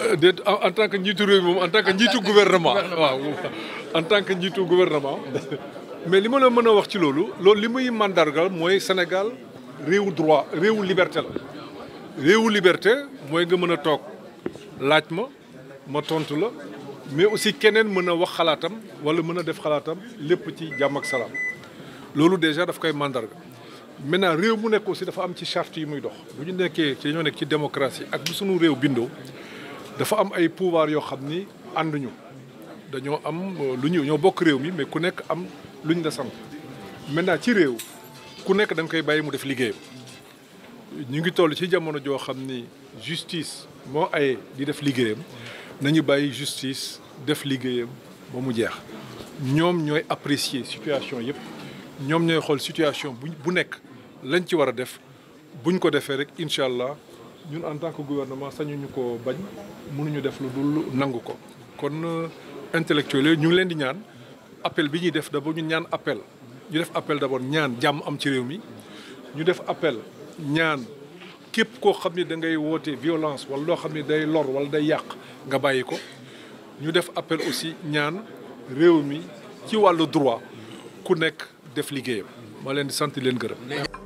Euh, déet en tant que njiitu réew moom en tant que njiitu gouvernement waaw en tant que njiitu gouvernement mais li ma la mën a wax ci loolu loolu li muy màndargal mooy Sénégal réewu droit réewu liberté la réewu liberté mooy nga mën a toog laaj ma ma tontu la mais aussi keneen mën a wax xalaatam wala mën a def xalaatam lépp ci jàmm ak salaam loolu déjà daf koy màndarga maintenant réew mu nekk aussi dafa am ci charte yi muy dox bu ñu nekkee ci dañoo nekk ci démocratie ak bu sunu réew bindoo dafa am ay pouvoir yoo xam ni ànd ñu dañoo am euh, lu ñu ñoo bokk réew mi mais ku nekk am lu la sant maintenant ci réew ku nekk da nga koy bàyyi mu def liggéeyam ñu ngi toll ci jamono joo xam ni justice moo aye di def liggéeyam nañu bàyyi justice def liggéeyam ba mu jeex ñoom ñooy apprécier situation yëpp ñoom ñooy xool situation bu bu nekk lañ ci war a def buñ ko defee rek incha allah ñun en tant que gouvernement sañuñu ko bañ mënuñu def lu dul nangu ko. kon euh, intellectuel yooyu ñu ngi leen di ñaan appel bi ñuy def d'abord ñu ñaan appel ñu def appel d'abord ñaan jàmm am ci réew mi ñu def appel ñaan képp koo xam ne da ngay woote violence wala loo xam ne day lor wala day yàq nga bàyyi ko ñu def appel aussi ñaan réew mi ci wàllu droit ku nekk def liggéeyam. ma leen di sant leen gërëm.